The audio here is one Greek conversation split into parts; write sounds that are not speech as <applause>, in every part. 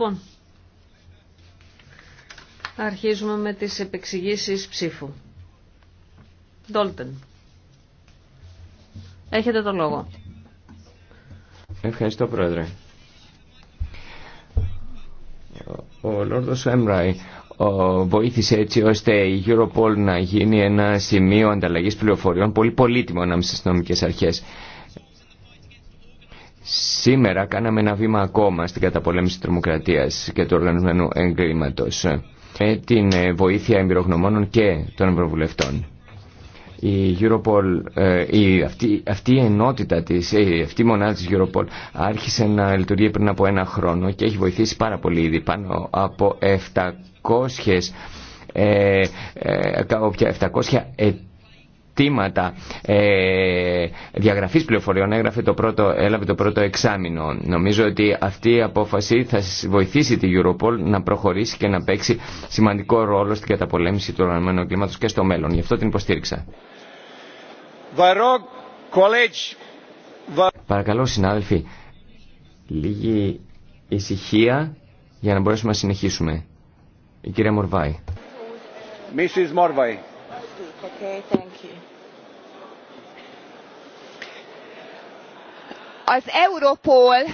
Λοιπόν, αρχίζουμε με τις επεξηγήσεις ψήφου. Ντόλτεν. Έχετε το λόγο. Ευχαριστώ, Πρόεδρε. Ο Λόρδος Έμραϊ βοήθησε έτσι ώστε η Europol να γίνει ένα σημείο ανταλλαγής πληροφοριών πολύ πολύτιμο ανάμεσα στις νομικές αρχές. Σήμερα κάναμε ένα βήμα ακόμα στην καταπολέμηση της τρομοκρατίας και του οργανωμένου εγκλήματος με την ε, βοήθεια εμπειρογνωμόνων και των ευρωβουλευτών. Η Europol, ε, η, αυτή, αυτή η ενότητα της, ε, αυτή η μονάδα της Europol άρχισε να λειτουργεί πριν από ένα χρόνο και έχει βοηθήσει πάρα πολύ ήδη πάνω από 700 ε, 700 συστήματα ε, διαγραφής πληροφοριών έγραφε το πρώτο, έλαβε το πρώτο εξάμεινο. Νομίζω ότι αυτή η απόφαση θα βοηθήσει τη Europol να προχωρήσει και να παίξει σημαντικό ρόλο στην καταπολέμηση του οργανωμένου κλίματος και στο μέλλον. Γι' αυτό την υποστήριξα. Παρακαλώ συνάδελφοι, λίγη ησυχία για να μπορέσουμε να συνεχίσουμε. Η κυρία Μορβάη. Mrs. Morvai. europol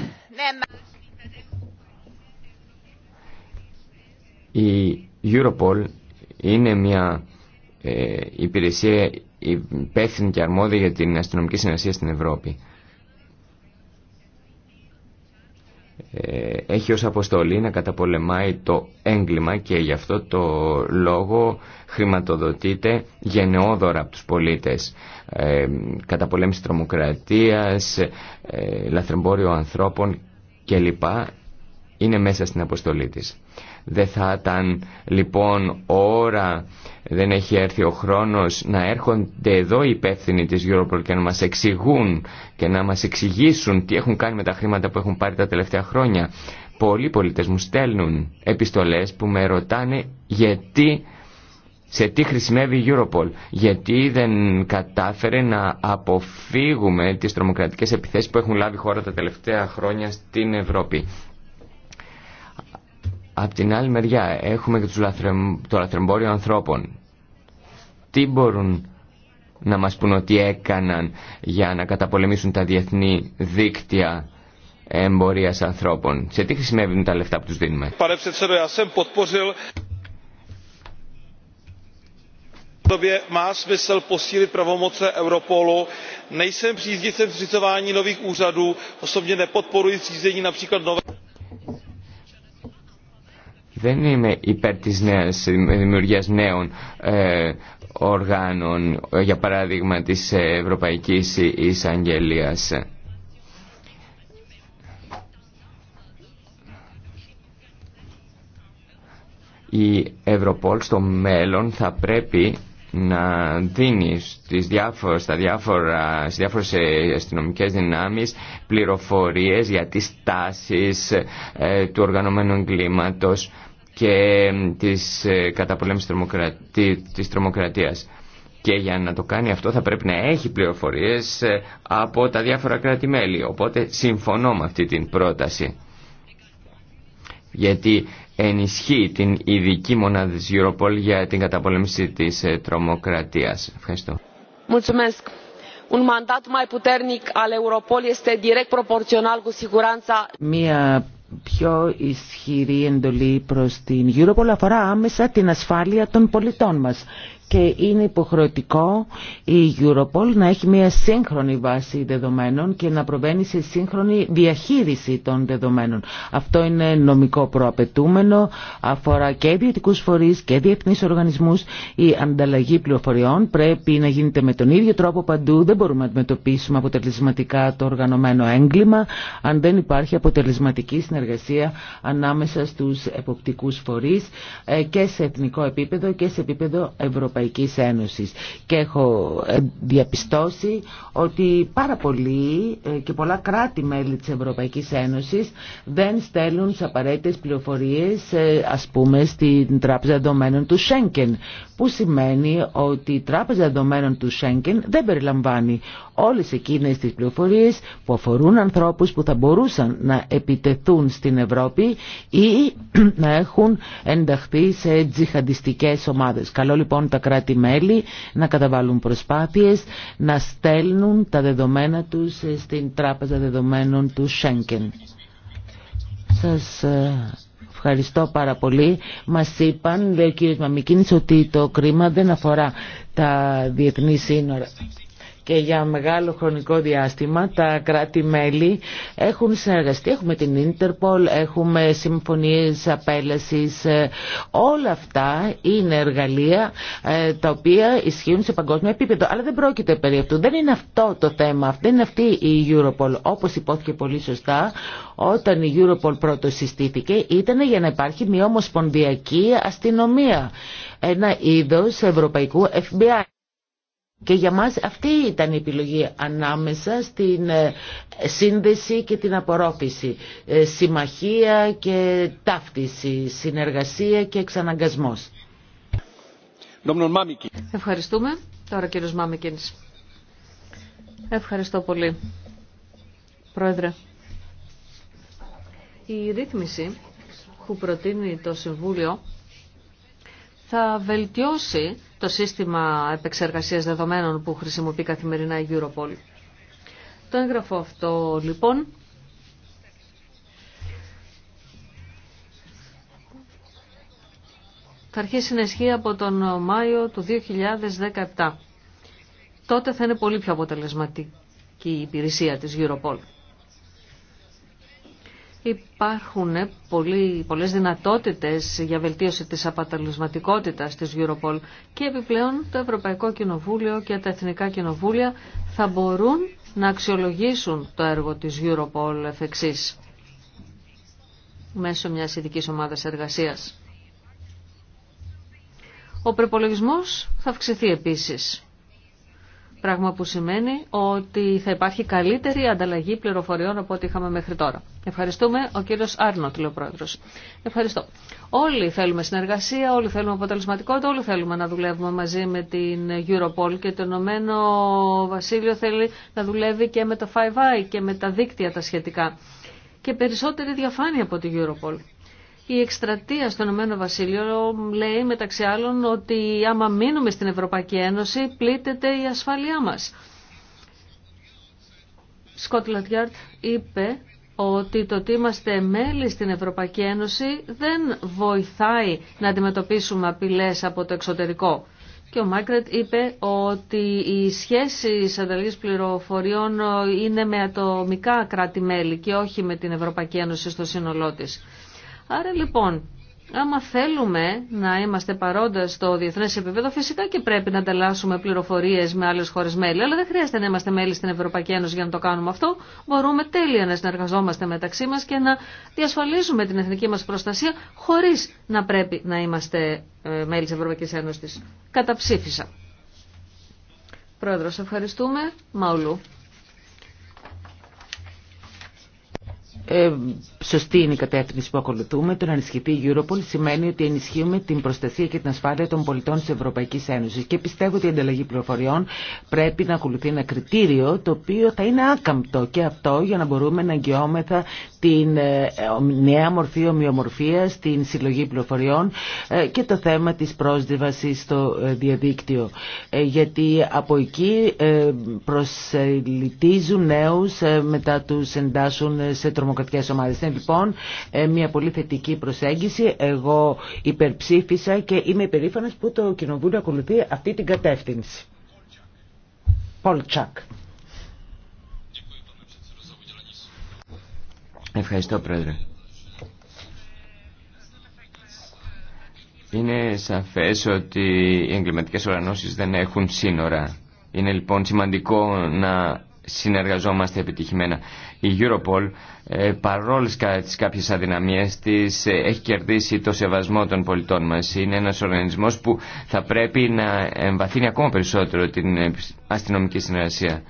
Η Europol είναι μια ε, υπηρεσία υπεύθυνη και αρμόδια για την αστυνομική συνεργασία στην Ευρώπη. Ε, έχει ως αποστολή να καταπολεμάει το έγκλημα και γι' αυτό το λόγο χρηματοδοτείται γενναιόδωρα από τους πολίτες. Ε, καταπολέμηση τρομοκρατίας, ε, λαθρεμπόριο ανθρώπων κλπ. είναι μέσα στην αποστολή της. Δεν θα ήταν λοιπόν ώρα, δεν έχει έρθει ο χρόνος να έρχονται εδώ οι υπεύθυνοι της Europol και να μας εξηγούν και να μας εξηγήσουν τι έχουν κάνει με τα χρήματα που έχουν πάρει τα τελευταία χρόνια. Πολλοί πολίτες μου στέλνουν επιστολές που με ρωτάνε γιατί σε τι χρησιμεύει η Europol, γιατί δεν κατάφερε να αποφύγουμε τις τρομοκρατικές επιθέσεις που έχουν λάβει χώρα τα τελευταία χρόνια στην Ευρώπη. Απ' την άλλη μεριά έχουμε και τους λαθρεμ, το λαθρεμπόριο ανθρώπων. Τι μπορούν να μας πούν ότι έκαναν για να καταπολεμήσουν τα διεθνή δίκτυα εμπορίας ανθρώπων. Σε τι χρησιμεύουν τα λεφτά που τους δίνουμε. době má smysl posílit pravomoce europolu nejsem příznivcem zřizování nových úřadů osobně nepodporuji zřízení například nového. Δεν είμαι υπέρ της δημιουργίας νέων ε, οργάνων, ε, για παράδειγμα της Ευρωπαϊκής Εισαγγελίας. Η Ευρωπόλ στο μέλλον θα πρέπει να δίνει στις διάφορες, στα διάφορα, στις διάφορες ε, αστυνομικές δυνάμεις πληροφορίες για τις τάσεις του οργανωμένου εγκλήματος και της ε, καταπολέμησης της τρομοκρατίας. Και για να το κάνει αυτό θα πρέπει να έχει πληροφορίες ε, από τα διάφορα κράτη-μέλη. Οπότε συμφωνώ με αυτή την πρόταση. Γιατί ενισχύει την ειδική μονάδα της Europol για την καταπολέμηση της ε, τρομοκρατίας. Ευχαριστώ. Mulțumesc. Un mandat mai puternic al Europol este πιο ισχυρή εντολή προς την Europol αφορά άμεσα την ασφάλεια των πολιτών μας και είναι υποχρεωτικό η Europol να έχει μια σύγχρονη βάση δεδομένων και να προβαίνει σε σύγχρονη διαχείριση των δεδομένων. Αυτό είναι νομικό προαπαιτούμενο, αφορά και ιδιωτικού φορεί και διεθνεί οργανισμού. Η ανταλλαγή πληροφοριών πρέπει να γίνεται με τον ίδιο τρόπο παντού. Δεν μπορούμε να αντιμετωπίσουμε αποτελεσματικά το οργανωμένο έγκλημα αν δεν υπάρχει αποτελεσματική συνεργασία ανάμεσα στου εποπτικού φορεί ε, και σε εθνικό επίπεδο και σε επίπεδο Ευρωπαϊκή. Ευρωπαϊκής Ένωσης και έχω ε, διαπιστώσει ότι πάρα πολλοί ε, και πολλά κράτη-μέλη της Ευρωπαϊκής Ένωσης δεν στέλνουν τι απαραίτητε πληροφορίες ε, ας πούμε στην Τράπεζα Δεδομένων του Σέγκεν που σημαίνει ότι η Τράπεζα Δεδομένων του Σέγγεν δεν περιλαμβάνει όλες εκείνες τις πληροφορίες που αφορούν ανθρώπους που θα μπορούσαν να επιτεθούν στην Ευρώπη ή <clears throat> να έχουν ενταχθεί σε τζιχαντιστικές ομάδες. Καλό λοιπόν τα κράτη-μέλη να καταβάλουν προσπάθειες να στέλνουν τα δεδομένα τους στην Τράπεζα Δεδομένων του Σέγγεν. Σας ε, ευχαριστώ πάρα πολύ. Μας είπαν, λέει ο ότι το κρίμα δεν αφορά τα διεθνή σύνορα και για μεγάλο χρονικό διάστημα τα κράτη-μέλη έχουν συνεργαστεί. Έχουμε την Ίντερπολ, έχουμε συμφωνίες απέλασης. Ε, όλα αυτά είναι εργαλεία ε, τα οποία ισχύουν σε παγκόσμιο επίπεδο. Αλλά δεν πρόκειται περί αυτού. Δεν είναι αυτό το θέμα. Δεν είναι αυτή η Europol. Όπως υπόθηκε πολύ σωστά, όταν η Europol πρώτο συστήθηκε ήταν για να υπάρχει μια ομοσπονδιακή αστυνομία. Ένα είδος ευρωπαϊκού FBI. Και για μας αυτή ήταν η επιλογή ανάμεσα στην ε, σύνδεση και την απορρόφηση, ε, συμμαχία και ταύτιση, συνεργασία και εξαναγκασμός. Ευχαριστούμε. Τώρα κύριος Μάμικινς. Ευχαριστώ πολύ. Πρόεδρε, η ρύθμιση που προτείνει το Συμβούλιο θα βελτιώσει το σύστημα επεξεργασίας δεδομένων που χρησιμοποιεί καθημερινά η Europol. Το έγγραφο αυτό λοιπόν θα αρχίσει να ισχύει από τον Μάιο του 2017. Τότε θα είναι πολύ πιο αποτελεσματική η υπηρεσία της Europol. Υπάρχουν πολλοί, πολλές δυνατότητες για βελτίωση της απαταλισματικότητας της Europol και επιπλέον το Ευρωπαϊκό Κοινοβούλιο και τα Εθνικά Κοινοβούλια θα μπορούν να αξιολογήσουν το έργο της Europol εφ' μέσω μιας ειδικής ομάδας εργασίας. Ο προπολογισμό θα αυξηθεί επίσης. Πράγμα που σημαίνει ότι θα υπάρχει καλύτερη ανταλλαγή πληροφοριών από ό,τι είχαμε μέχρι τώρα. Ευχαριστούμε. Ο κύριος Άρνοτ, λέει Ευχαριστώ. Όλοι θέλουμε συνεργασία, όλοι θέλουμε αποτελεσματικότητα, όλοι θέλουμε να δουλεύουμε μαζί με την Europol και το Ηνωμένο Βασίλειο θέλει να δουλεύει και με το 5i και με τα δίκτυα τα σχετικά. Και περισσότερη διαφάνεια από την Europol. Η εκστρατεία στον Ηνωμένο Βασίλειο λέει μεταξύ άλλων ότι άμα μείνουμε στην Ευρωπαϊκή Ένωση πλήττεται η ασφάλειά μας. Σκότ Γιάρτ είπε ότι το ότι είμαστε μέλη στην Ευρωπαϊκή Ένωση δεν βοηθάει να αντιμετωπίσουμε απειλές από το εξωτερικό. Και ο Μάκρετ είπε ότι οι σχέσεις ανταλλαγής πληροφοριών είναι με ατομικά κράτη-μέλη και όχι με την Ευρωπαϊκή Ένωση στο σύνολό της. Άρα λοιπόν, άμα θέλουμε να είμαστε παρόντα στο διεθνές επίπεδο, φυσικά και πρέπει να ανταλλάσσουμε πληροφορίες με άλλες χώρες μέλη. Αλλά δεν χρειάζεται να είμαστε μέλη στην Ευρωπαϊκή Ένωση για να το κάνουμε αυτό. Μπορούμε τέλεια να συνεργαζόμαστε μεταξύ μας και να διασφαλίζουμε την εθνική μας προστασία χωρίς να πρέπει να είμαστε ε, μέλη της Ευρωπαϊκής Ένωσης. Καταψήφισα. Πρόεδρος, ευχαριστούμε. Μαουλού. Ε, σωστή είναι η κατεύθυνση που ακολουθούμε. Το να ενισχυθεί η Europol σημαίνει ότι ενισχύουμε την προστασία και την ασφάλεια των πολιτών τη Ευρωπαϊκή Ένωση. Και πιστεύω ότι η ανταλλαγή πληροφοριών πρέπει να ακολουθεί ένα κριτήριο το οποίο θα είναι άκαμπτο και αυτό για να μπορούμε να αγγιόμεθα την ε, νέα μορφή ομοιομορφία, την συλλογή πληροφοριών ε, και το θέμα τη πρόσδευαση στο ε, διαδίκτυο. Γιατί από εκεί προσελητίζουν νέου μετά του εντάσσουν σε τρομοκρατία είναι λοιπόν ε, μια πολύ θετική προσέγγιση. Εγώ υπερψήφισα και είμαι υπερήφανο που το Κοινοβούλιο ακολουθεί αυτή την κατεύθυνση. Πολτσακ. Ευχαριστώ πρόεδρε. Είναι σαφές ότι οι εγκληματικές οργανώσεις δεν έχουν σύνορα. Είναι λοιπόν σημαντικό να συνεργαζόμαστε επιτυχημένα. Η Europol, ε, παρόλες τις κάποιες αδυναμίες της, ε, έχει κερδίσει το σεβασμό των πολιτών μας. Είναι ένας οργανισμός που θα πρέπει να εμβαθύνει ακόμα περισσότερο την ε, αστυνομική συνεργασία.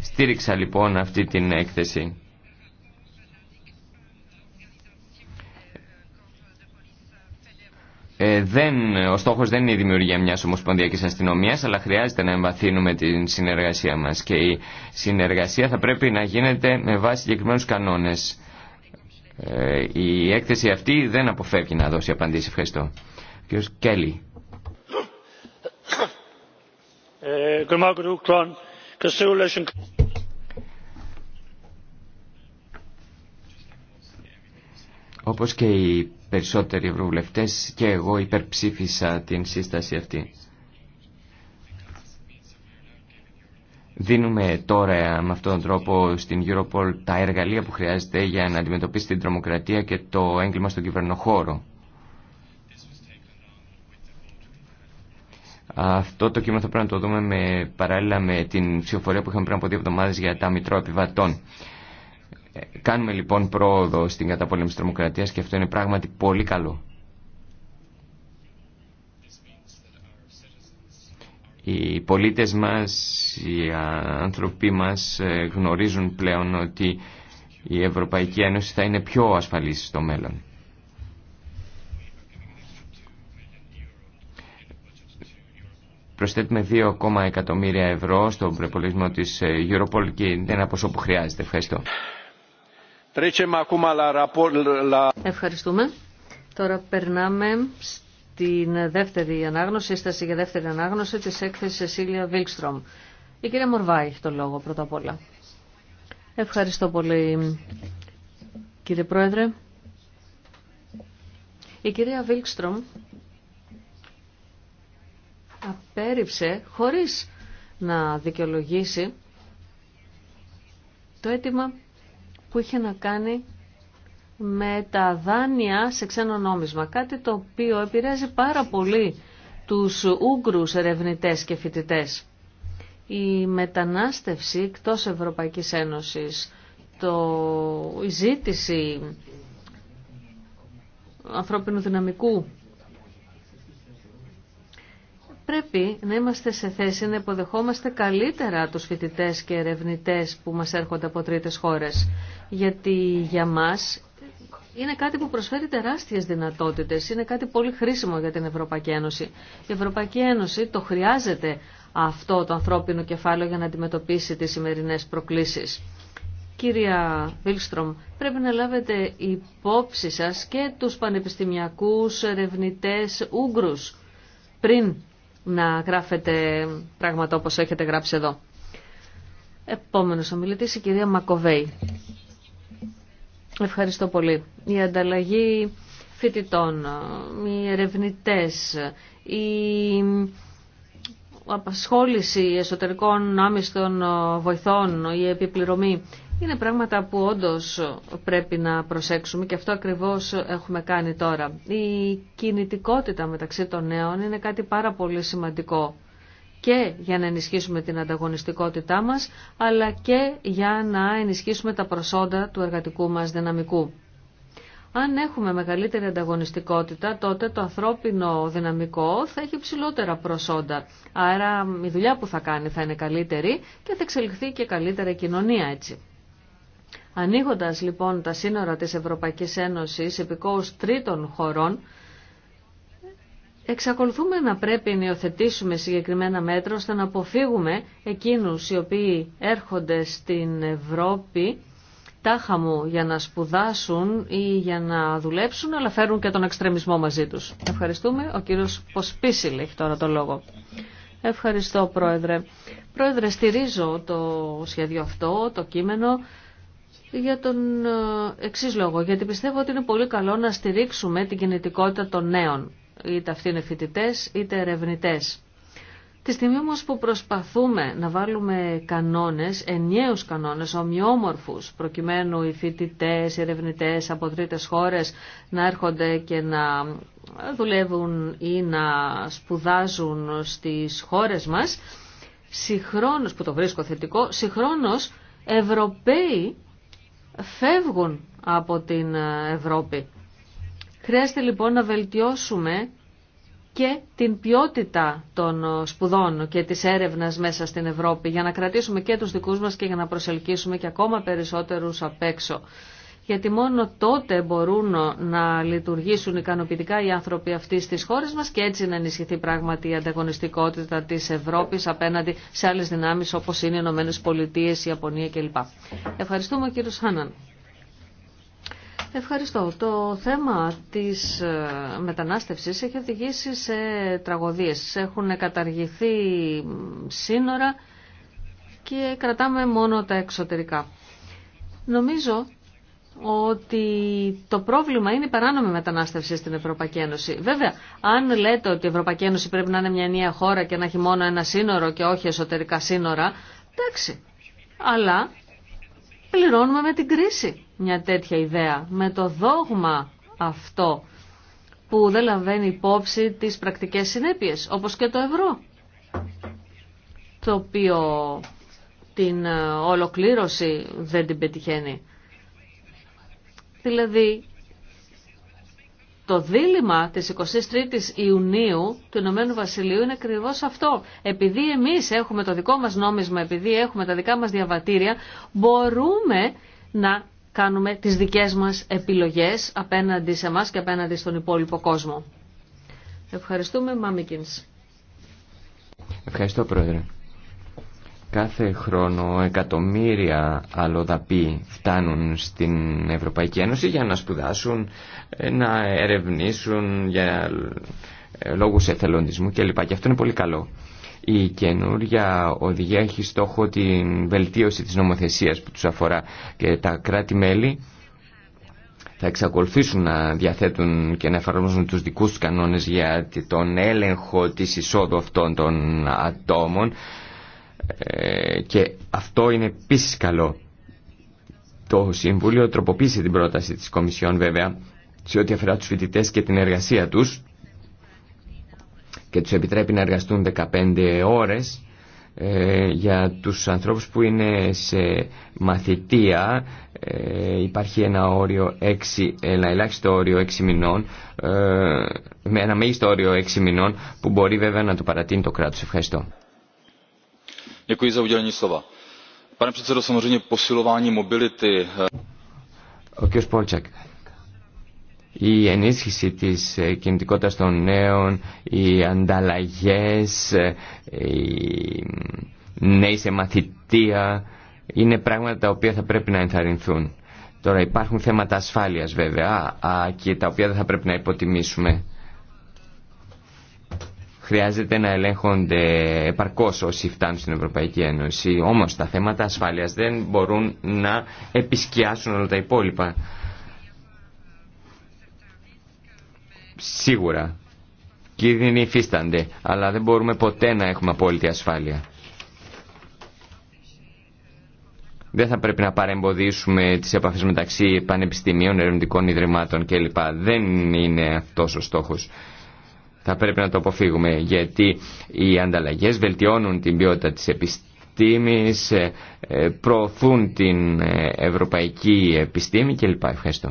Στήριξα λοιπόν αυτή την έκθεση. Ε, δεν, ο στόχος δεν είναι η δημιουργία μιας ομοσπονδιακής αστυνομίας, αλλά χρειάζεται να εμβαθύνουμε την συνεργασία μας. Και η συνεργασία θα πρέπει να γίνεται με βάση συγκεκριμένου κανόνες. Ε, η έκθεση αυτή δεν αποφεύγει να δώσει απαντήσεις. Ευχαριστώ. Κέλλη. Ε, Όπως και η περισσότεροι ευρωβουλευτές και εγώ υπερψήφισα την σύσταση αυτή. Δίνουμε τώρα με αυτόν τον τρόπο στην Europol τα εργαλεία που χρειάζεται για να αντιμετωπίσει την τρομοκρατία και το έγκλημα στον κυβερνοχώρο. Αυτό το κείμενο θα πρέπει να το δούμε με, παράλληλα με την ψηφοφορία που είχαμε πριν από δύο εβδομάδες για τα μητρώα επιβατών. Ε, κάνουμε λοιπόν πρόοδο στην καταπολέμηση της τρομοκρατίας και αυτό είναι πράγματι πολύ καλό. Οι πολίτες μας, οι άνθρωποι μας ε, γνωρίζουν πλέον ότι η Ευρωπαϊκή Ένωση θα είναι πιο ασφαλής στο μέλλον. Προσθέτουμε 2,1 εκατομμύρια ευρώ στον προπολογισμό της ε, Europol και είναι ένα ποσό που χρειάζεται. Ευχαριστώ. Ευχαριστούμε. Τώρα περνάμε στην δεύτερη ανάγνωση, σύσταση για δεύτερη ανάγνωση της έκθεσης Σεσίλια Βίλκστρομ. Η κυρία Μορβάη έχει το λόγο πρώτα απ' όλα. Ευχαριστώ πολύ κύριε Πρόεδρε. Η κυρία Βίλκστρομ απέρριψε χωρίς να δικαιολογήσει το αίτημα που είχε να κάνει με τα δάνεια σε ξένο νόμισμα. Κάτι το οποίο επηρεάζει πάρα πολύ τους Ούγκρους ερευνητές και φοιτητές. Η μετανάστευση εκτός Ευρωπαϊκής Ένωσης, το... η ζήτηση ανθρωπίνου δυναμικού πρέπει να είμαστε σε θέση να υποδεχόμαστε καλύτερα τους φοιτητές και ερευνητές που μας έρχονται από τρίτες χώρες. Γιατί για μας είναι κάτι που προσφέρει τεράστιες δυνατότητες, είναι κάτι πολύ χρήσιμο για την Ευρωπαϊκή Ένωση. Η Ευρωπαϊκή Ένωση το χρειάζεται αυτό το ανθρώπινο κεφάλαιο για να αντιμετωπίσει τις σημερινές προκλήσεις. Κυρία Βίλστρομ, πρέπει να λάβετε υπόψη σας και τους πανεπιστημιακούς ερευνητές Ούγγρους πριν να γράφετε πράγματα όπως έχετε γράψει εδώ. Επόμενος ομιλητής, η κυρία Μακοβέη. Ευχαριστώ πολύ. Η ανταλλαγή φοιτητών, οι ερευνητές, η απασχόληση εσωτερικών άμυστων βοηθών, η επιπληρωμή. Είναι πράγματα που όντως πρέπει να προσέξουμε και αυτό ακριβώς έχουμε κάνει τώρα. Η κινητικότητα μεταξύ των νέων είναι κάτι πάρα πολύ σημαντικό και για να ενισχύσουμε την ανταγωνιστικότητά μας, αλλά και για να ενισχύσουμε τα προσόντα του εργατικού μας δυναμικού. Αν έχουμε μεγαλύτερη ανταγωνιστικότητα, τότε το ανθρώπινο δυναμικό θα έχει ψηλότερα προσόντα. Άρα η δουλειά που θα κάνει θα είναι καλύτερη και θα εξελιχθεί και καλύτερα η κοινωνία έτσι. Ανοίγοντας λοιπόν τα σύνορα της Ευρωπαϊκής Ένωσης επικόους τρίτων χωρών, εξακολουθούμε να πρέπει να υιοθετήσουμε συγκεκριμένα μέτρα ώστε να αποφύγουμε εκείνους οι οποίοι έρχονται στην Ευρώπη τάχα μου για να σπουδάσουν ή για να δουλέψουν, αλλά φέρουν και τον εξτρεμισμό μαζί τους. Ευχαριστούμε. Ο κύριος Ποσπίσιλ έχει τώρα το λόγο. Ευχαριστώ, Πρόεδρε. Πρόεδρε, στηρίζω το σχέδιο αυτό, το κείμενο για τον ε, εξή λόγο. Γιατί πιστεύω ότι είναι πολύ καλό να στηρίξουμε την κινητικότητα των νέων, είτε αυτοί είναι φοιτητέ είτε ερευνητέ. Τη στιγμή όμω που προσπαθούμε να βάλουμε κανόνε, ενιαίου κανόνε, ομοιόμορφου, προκειμένου οι φοιτητέ, οι ερευνητέ από τρίτε χώρε να έρχονται και να δουλεύουν ή να σπουδάζουν στι χώρε μα, συγχρόνω, που το βρίσκω θετικό, συγχρόνω Ευρωπαίοι φεύγουν από την ε, Ευρώπη. Χρειάζεται λοιπόν να βελτιώσουμε και την ποιότητα των ε, σπουδών και της έρευνας μέσα στην Ευρώπη για να κρατήσουμε και τους δικούς μας και για να προσελκύσουμε και ακόμα περισσότερους απ' έξω γιατί μόνο τότε μπορούν να λειτουργήσουν ικανοποιητικά οι άνθρωποι αυτοί στις χώρες μας και έτσι να ενισχυθεί πράγματι η ανταγωνιστικότητα της Ευρώπης απέναντι σε άλλες δυνάμεις όπως είναι οι Ηνωμένες Πολιτείες, η Ιαπωνία κλπ. Ευχαριστούμε κύριο Χάναν. Ευχαριστώ. Το θέμα της ε, μετανάστευσης έχει οδηγήσει σε τραγωδίες. Έχουν καταργηθεί σύνορα και κρατάμε μόνο τα εξωτερικά. Νομίζω ότι το πρόβλημα είναι η παράνομη μετανάστευση στην Ευρωπαϊκή Ένωση. Βέβαια, αν λέτε ότι η Ευρωπαϊκή Ένωση πρέπει να είναι μια νέα χώρα και να έχει μόνο ένα σύνορο και όχι εσωτερικά σύνορα, εντάξει. Αλλά πληρώνουμε με την κρίση μια τέτοια ιδέα, με το δόγμα αυτό που δεν λαμβάνει υπόψη τις πρακτικές συνέπειες, όπως και το ευρώ, το οποίο την ε, ολοκλήρωση δεν την πετυχαίνει. Δηλαδή, το δίλημα της 23ης Ιουνίου του Ηνωμένου Βασιλείου είναι ακριβώ αυτό. Επειδή εμείς έχουμε το δικό μας νόμισμα, επειδή έχουμε τα δικά μας διαβατήρια, μπορούμε να κάνουμε τις δικές μας επιλογές απέναντι σε εμά και απέναντι στον υπόλοιπο κόσμο. Ευχαριστούμε, Μάμικινς. Ευχαριστώ, Πρόεδρε. Κάθε χρόνο εκατομμύρια αλλοδαποί φτάνουν στην Ευρωπαϊκή Ένωση για να σπουδάσουν, ε, να ερευνήσουν για ε, λόγους εθελοντισμού κλπ. Και αυτό είναι πολύ καλό. Η καινούργια οδηγία έχει στόχο την βελτίωση της νομοθεσίας που τους αφορά και τα κράτη-μέλη θα εξακολουθήσουν να διαθέτουν και να εφαρμόζουν τους δικούς τους κανόνες για τον έλεγχο της εισόδου αυτών των ατόμων ε, και αυτό είναι επίση καλό. Το Συμβούλιο τροποποίησε την πρόταση της Κομισιόν βέβαια σε ό,τι αφορά τους φοιτητέ και την εργασία τους και τους επιτρέπει να εργαστούν 15 ώρες ε, για τους ανθρώπους που είναι σε μαθητεία ε, υπάρχει ένα όριο 6, ένα ελάχιστο όριο 6 μηνών ε, με ένα μέγιστο όριο 6 μηνών που μπορεί βέβαια να το παρατείνει το κράτος. Ευχαριστώ pane předsedající samozřejmě posilování mobility. ο eh, Η ενίσχυση της ε, κινητικότητας των νέων, οι ανταλλαγέ, ε, οι νέοι σε μαθητεία, είναι πράγματα τα οποία θα πρέπει να ενθαρρυνθούν. Τώρα υπάρχουν θέματα ασφάλειας βέβαια, και τα οποία δεν θα πρέπει να υποτιμήσουμε χρειάζεται να ελέγχονται επαρκώ όσοι φτάνουν στην Ευρωπαϊκή Ένωση. Όμω τα θέματα ασφάλεια δεν μπορούν να επισκιάσουν όλα τα υπόλοιπα. Σίγουρα. Κίνδυνοι υφίστανται, αλλά δεν μπορούμε ποτέ να έχουμε απόλυτη ασφάλεια. Δεν θα πρέπει να παρεμποδίσουμε τις επαφές μεταξύ πανεπιστημίων, ερευνητικών ιδρυμάτων κλπ. Δεν είναι αυτός ο στόχος. Θα πρέπει να το αποφύγουμε γιατί οι ανταλλαγές βελτιώνουν την ποιότητα της επιστήμης, ε, ε, προωθούν την ε, ευρωπαϊκή επιστήμη κλπ. Ευχαριστώ.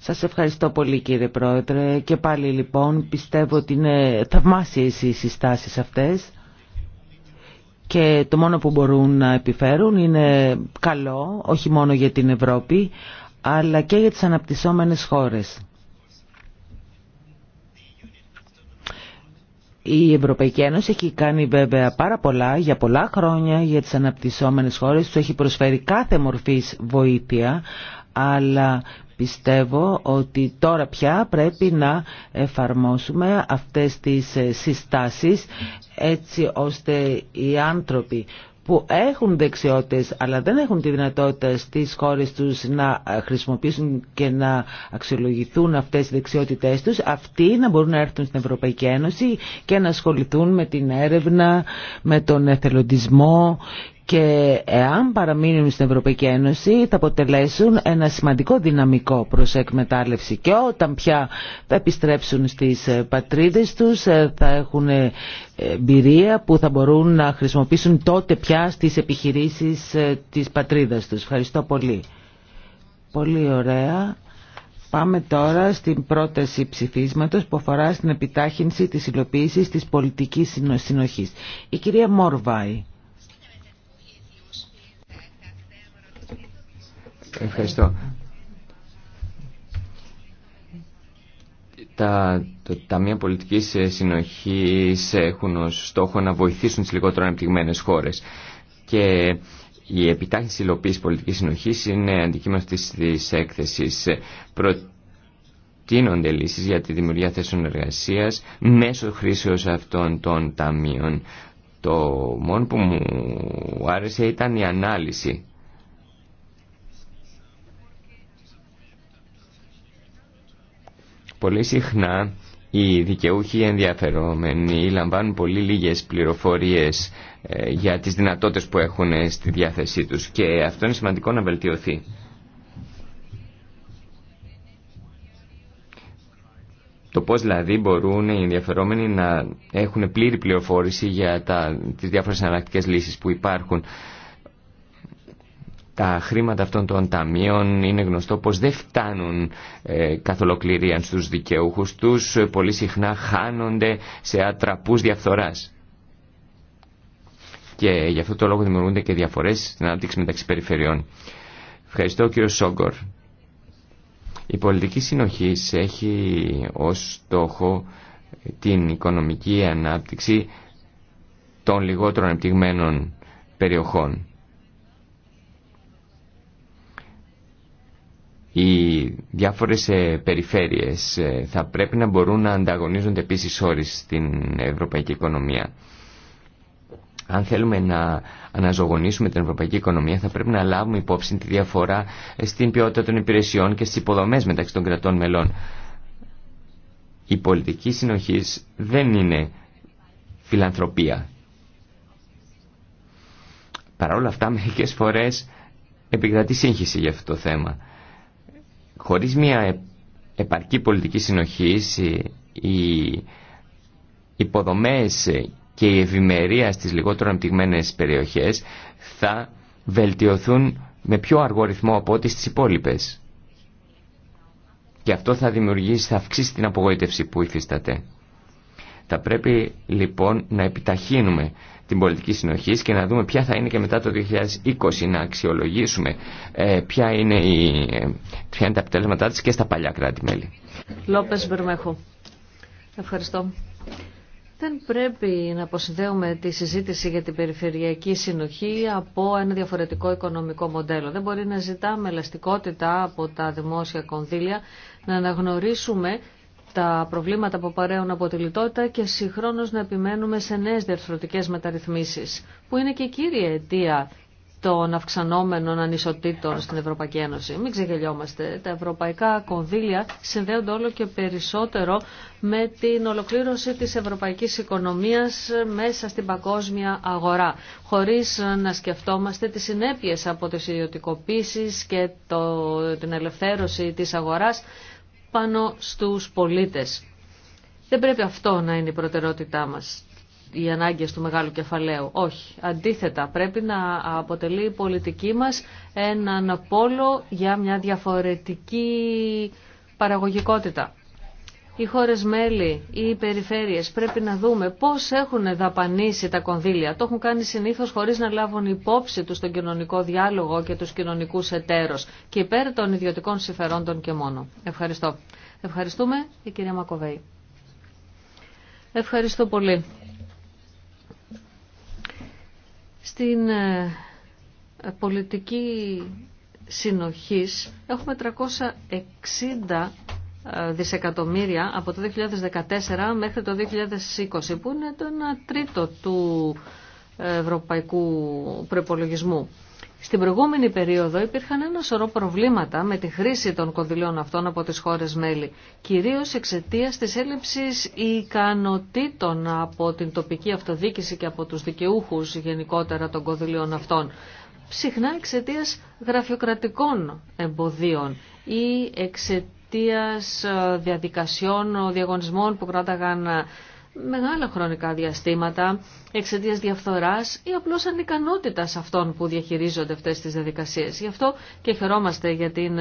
Σας ευχαριστώ πολύ κύριε Πρόεδρε και πάλι λοιπόν πιστεύω ότι είναι θαυμάσιες οι συστάσεις αυτές και το μόνο που μπορούν να επιφέρουν είναι καλό όχι μόνο για την Ευρώπη αλλά και για τις αναπτυσσόμενες χώρες. Η Ευρωπαϊκή Ένωση έχει κάνει βέβαια πάρα πολλά για πολλά χρόνια για τις αναπτυσσόμενες χώρες, του έχει προσφέρει κάθε μορφής βοήθεια, αλλά Πιστεύω ότι τώρα πια πρέπει να εφαρμόσουμε αυτές τις ε, συστάσεις έτσι ώστε οι άνθρωποι που έχουν δεξιότητες αλλά δεν έχουν τη δυνατότητα στις χώρες τους να ε, χρησιμοποιήσουν και να αξιολογηθούν αυτές οι δεξιότητές τους αυτοί να μπορούν να έρθουν στην Ευρωπαϊκή Ένωση και να ασχοληθούν με την έρευνα, με τον εθελοντισμό και εάν παραμείνουν στην Ευρωπαϊκή Ένωση θα αποτελέσουν ένα σημαντικό δυναμικό προς εκμετάλλευση και όταν πια θα επιστρέψουν στις ε, πατρίδες τους ε, θα έχουν ε, εμπειρία που θα μπορούν να χρησιμοποιήσουν τότε πια στις επιχειρήσεις της πατρίδας τους. Ευχαριστώ πολύ. Πολύ ωραία. Πάμε τώρα στην πρόταση ψηφίσματος που αφορά στην επιτάχυνση της υλοποίησης της πολιτικής συνοχής. Η κυρία Μόρβαη. Ευχαριστώ. Τα, τα ταμεία πολιτικής ε, συνοχής έχουν ως στόχο να βοηθήσουν τις λιγότερο ανεπτυγμένες χώρες και η επιτάχυνση υλοποίηση πολιτικής συνοχής είναι αντικείμενο αυτής της έκθεσης. Προτείνονται λύσεις για τη δημιουργία θέσεων εργασίας μέσω χρήσεως αυτών των ταμείων. Το μόνο που μου άρεσε ήταν η ανάλυση Πολύ συχνά οι δικαιούχοι ενδιαφερόμενοι λαμβάνουν πολύ λίγες πληροφορίες ε, για τις δυνατότητες που έχουν ε, στη διάθεσή τους και αυτό είναι σημαντικό να βελτιωθεί. Το πώς δηλαδή μπορούν οι ενδιαφερόμενοι να έχουν πλήρη πληροφόρηση για τα, τις διάφορες αναλλακτικές λύσεις που υπάρχουν τα χρήματα αυτών των ταμείων είναι γνωστό πως δεν φτάνουν ε, καθ' ολοκληρία στους δικαιούχους τους, πολύ συχνά χάνονται σε ατραπούς διαφθοράς. Και γι' αυτό το λόγο δημιουργούνται και διαφορές στην ανάπτυξη μεταξύ περιφερειών. Ευχαριστώ κύριο Σόγκορ. Η πολιτική συνοχή έχει ως στόχο την οικονομική ανάπτυξη των λιγότερων επιτυγμένων περιοχών. οι διάφορες ε, περιφέρειες ε, θα πρέπει να μπορούν να ανταγωνίζονται επίσης όρις στην ευρωπαϊκή οικονομία. Αν θέλουμε να αναζωογονήσουμε την ευρωπαϊκή οικονομία θα πρέπει να λάβουμε υπόψη τη διαφορά ε, στην ποιότητα των υπηρεσιών και στις υποδομές μεταξύ των κρατών μελών. Η πολιτική συνοχής δεν είναι φιλανθρωπία. Παρά όλα αυτά μερικές φορές επικρατεί σύγχυση για αυτό το θέμα. Χωρίς μια επαρκή πολιτική συνοχή, ε, οι υποδομές ε, και η ευημερία στις λιγότερο αναπτυγμένες περιοχές θα βελτιωθούν με πιο αργό ρυθμό από ό,τι στις υπόλοιπες. Και αυτό θα δημιουργήσει, θα αυξήσει την απογοήτευση που υφίσταται. Θα πρέπει λοιπόν να επιταχύνουμε την πολιτική συνοχή και να δούμε ποια θα είναι και μετά το 2020, να αξιολογήσουμε ε, ποια, είναι η, ε, ποια είναι τα αποτελέσματά της και στα παλιά κράτη-μέλη. Λόπες Μπερμέχου. Ευχαριστώ. Δεν πρέπει να αποσυνδέουμε τη συζήτηση για την περιφερειακή συνοχή από ένα διαφορετικό οικονομικό μοντέλο. Δεν μπορεί να ζητάμε ελαστικότητα από τα δημόσια κονδύλια, να αναγνωρίσουμε τα προβλήματα που παρέουν από τη λιτότητα και συγχρόνως να επιμένουμε σε νέες διαρθρωτικές μεταρρυθμίσεις, που είναι και η κύρια αιτία των αυξανόμενων ανισοτήτων στην Ευρωπαϊκή Ένωση. Μην ξεγελιόμαστε. Τα ευρωπαϊκά κονδύλια συνδέονται όλο και περισσότερο με την ολοκλήρωση της ευρωπαϊκής οικονομίας μέσα στην παγκόσμια αγορά, χωρίς να σκεφτόμαστε τις συνέπειες από τις ιδιωτικοποίησεις και το, την ελευθέρωση της αγοράς πάνω στους πολίτες. Δεν πρέπει αυτό να είναι η προτεραιότητά μας, οι ανάγκες του μεγάλου κεφαλαίου. Όχι. Αντίθετα, πρέπει να αποτελεί η πολιτική μας έναν πόλο για μια διαφορετική παραγωγικότητα οι χώρες μέλη, οι περιφέρειες πρέπει να δούμε πώς έχουν δαπανίσει τα κονδύλια. Το έχουν κάνει συνήθως χωρίς να λάβουν υπόψη τους τον κοινωνικό διάλογο και τους κοινωνικούς εταίρους και υπέρ των ιδιωτικών συμφερόντων και μόνο. Ευχαριστώ. Ευχαριστούμε η κυρία Μακοβέη. Ευχαριστώ πολύ. Στην ε, πολιτική συνοχής έχουμε 360 δισεκατομμύρια από το 2014 μέχρι το 2020 που είναι το 1 τρίτο του ευρωπαϊκού προπολογισμού. Στην προηγούμενη περίοδο υπήρχαν ένα σωρό προβλήματα με τη χρήση των κονδυλίων αυτών από τις χώρες μέλη, κυρίως εξαιτίας της έλλειψης ικανοτήτων από την τοπική αυτοδίκηση και από τους δικαιούχους γενικότερα των κονδυλίων αυτών, συχνά εξαιτία γραφειοκρατικών εμποδίων ή εξαιτία Εξαιτίας ε, διαδικασιών, ε, διαγωνισμών που κράταγαν ε, μεγάλα χρονικά διαστήματα εξαιτίας διαφθοράς ή απλώς ανικανότητας αυτών που διαχειρίζονται αυτές τις διαδικασίες. Γι' αυτό και χαιρόμαστε για την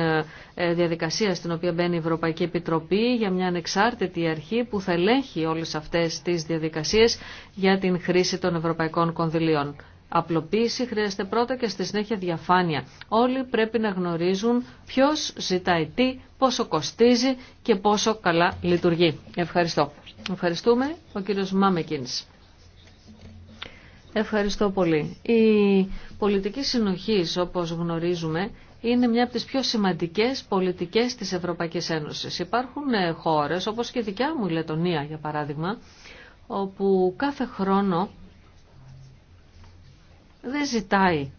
διαδικασία στην οποία μπαίνει η Ευρωπαϊκή Επιτροπή για μια ανεξάρτητη αρχή που θα ελέγχει όλες αυτές τις διαδικασίες για την χρήση των ευρωπαϊκών κονδυλίων. Απλοποίηση χρειάζεται πρώτα και στη συνέχεια διαφάνεια. Όλοι πρέπει να γνωρίζουν ποιος ζητάει τι, πόσο κοστίζει και πόσο καλά λειτουργεί. Ευχαριστώ. Ευχαριστούμε ο κύριος Μάμεκίνης. Ευχαριστώ πολύ. Η πολιτική συνοχή, όπως γνωρίζουμε, είναι μια από τις πιο σημαντικές πολιτικές της Ευρωπαϊκής Ένωσης. Υπάρχουν ε, χώρες, όπως και η δικιά μου η Λετωνία, για παράδειγμα, όπου κάθε χρόνο δεν ζητάει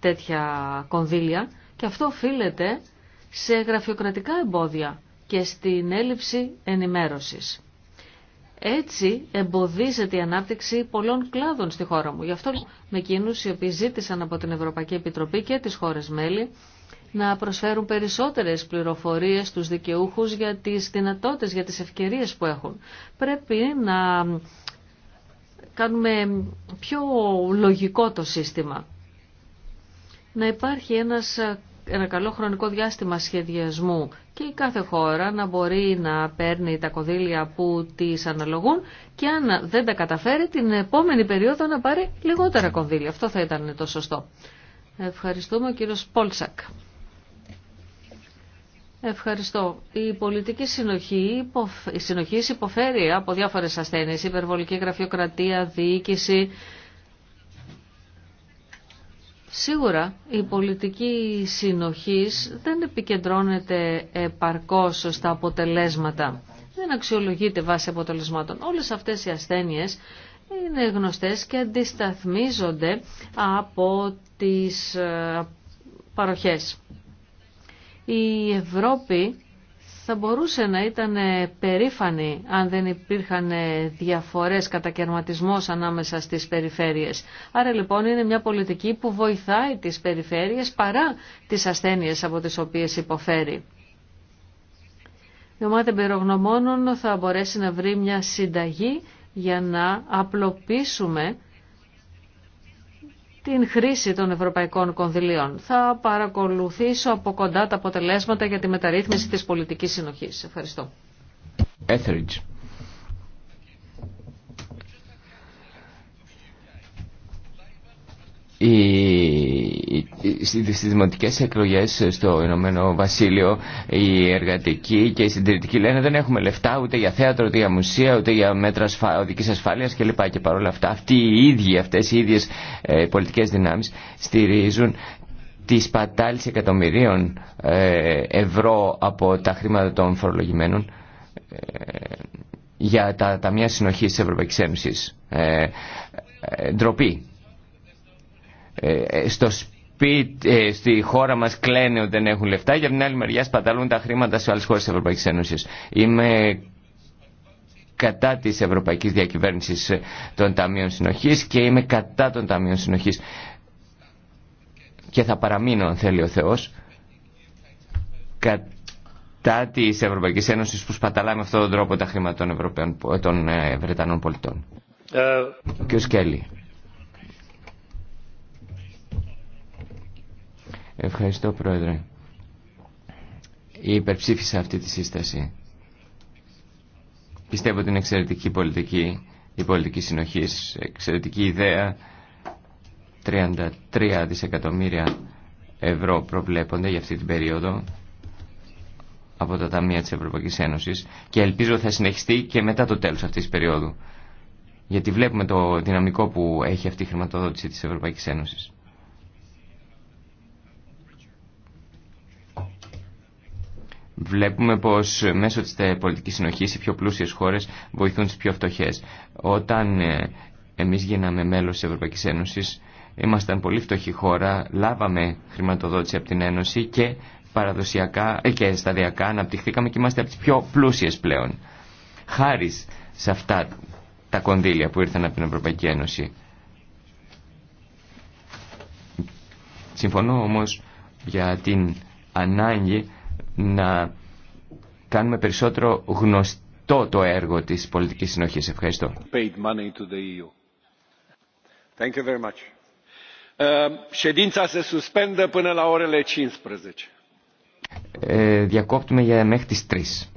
τέτοια κονδύλια και αυτό οφείλεται σε γραφειοκρατικά εμπόδια και στην έλλειψη ενημέρωσης. Έτσι εμποδίζεται η ανάπτυξη πολλών κλάδων στη χώρα μου. Γι' αυτό λοιπόν, με εκείνους οι οποίοι ζήτησαν από την Ευρωπαϊκή Επιτροπή και τις χώρες μέλη να προσφέρουν περισσότερες πληροφορίες στους δικαιούχους για τις δυνατότητες, για τις ευκαιρίες που έχουν. Πρέπει να κάνουμε πιο λογικό το σύστημα. Να υπάρχει ένας, ένα καλό χρονικό διάστημα σχεδιασμού και η κάθε χώρα να μπορεί να παίρνει τα κονδύλια που της αναλογούν και αν δεν τα καταφέρει την επόμενη περίοδο να πάρει λιγότερα κονδύλια. Αυτό θα ήταν το σωστό. Ευχαριστούμε ο κύριος Πόλσακ. Ευχαριστώ. Η πολιτική συνοχή η συνοχής υποφέρει από διάφορες ασθένειες, υπερβολική γραφειοκρατία, διοίκηση. Σίγουρα η πολιτική συνοχής δεν επικεντρώνεται επαρκώς στα αποτελέσματα. Δεν αξιολογείται βάσει αποτελεσμάτων. Όλες αυτές οι ασθένειες είναι γνωστές και αντισταθμίζονται από τις ε, παροχές η Ευρώπη θα μπορούσε να ήταν περήφανη αν δεν υπήρχαν διαφορές κατακαιρματισμός ανάμεσα στις περιφέρειες. Άρα λοιπόν είναι μια πολιτική που βοηθάει τις περιφέρειες παρά τις ασθένειες από τις οποίες υποφέρει. Η ομάδα εμπειρογνωμόνων θα μπορέσει να βρει μια συνταγή για να απλοποιήσουμε την χρήση των ευρωπαϊκών κονδυλίων. Θα παρακολουθήσω από κοντά τα αποτελέσματα για τη μεταρρύθμιση της πολιτικής συνοχής. Ευχαριστώ. Etheridge. Η στις δημοτικές εκλογές στο Ηνωμένο Βασίλειο οι εργατικοί και οι συντηρητικοί λένε δεν έχουμε λεφτά ούτε για θέατρο, ούτε για μουσεία, ούτε για μέτρα οδικής ασφάλειας κλπ. Και παρόλα αυτά αυτοί οι ίδιοι, αυτές οι ίδιες ε, πολιτικές δυνάμεις στηρίζουν τη σπατάληση εκατομμυρίων ε, ευρώ από τα χρήματα των φορολογημένων ε, για τα ταμεία συνοχής της Ευρωπαϊκής Ένωσης. ντροπή. Ε, ε, στο σπίτι, ε, στη χώρα μας κλαίνε ότι δεν έχουν λεφτά και από την άλλη μεριά σπαταλούν τα χρήματα σε άλλες χώρες της Ευρωπαϊκής Ένωσης. Είμαι κατά της ευρωπαϊκής διακυβέρνησης των Ταμείων Συνοχής και είμαι κατά των Ταμείων Συνοχής και θα παραμείνω αν θέλει ο Θεός κατά της Ευρωπαϊκής Ένωσης που σπαταλάμε αυτόν τον τρόπο τα χρήματα των, των Βρετανών πολιτών. Ο Ευχαριστώ Πρόεδρε. Υπερψήφισα αυτή τη σύσταση. Πιστεύω ότι είναι εξαιρετική πολιτική, η πολιτική συνοχή, εξαιρετική ιδέα. 33 δισεκατομμύρια ευρώ προβλέπονται για αυτή την περίοδο από τα Ταμεία της Ευρωπαϊκής Ένωσης και ελπίζω θα συνεχιστεί και μετά το τέλος αυτής της περίοδου. Γιατί βλέπουμε το δυναμικό που έχει αυτή η χρηματοδότηση της Ευρωπαϊκής Ένωσης. Βλέπουμε πως μέσω της πολιτικής συνοχής οι πιο πλούσιες χώρες βοηθούν τις πιο φτωχέ. Όταν ε, εμείς γίναμε μέλος τη Ευρωπαϊκής Ένωσης, ήμασταν πολύ φτωχή χώρα, λάβαμε χρηματοδότηση από την Ένωση και παραδοσιακά ε, και σταδιακά αναπτυχθήκαμε και είμαστε από τι πιο πλούσιες πλέον. Χάρη σε αυτά τα κονδύλια που ήρθαν από την Ευρωπαϊκή Ένωση. Συμφωνώ όμως για την ανάγκη να κάνουμε περισσότερο γνωστό το έργο της πολιτικής συνοχής. Ευχαριστώ. E Thank you very much. Uh, ședința se suspendă până la orele 15. Ε, διακόπτουμε για μέχρι τις 3.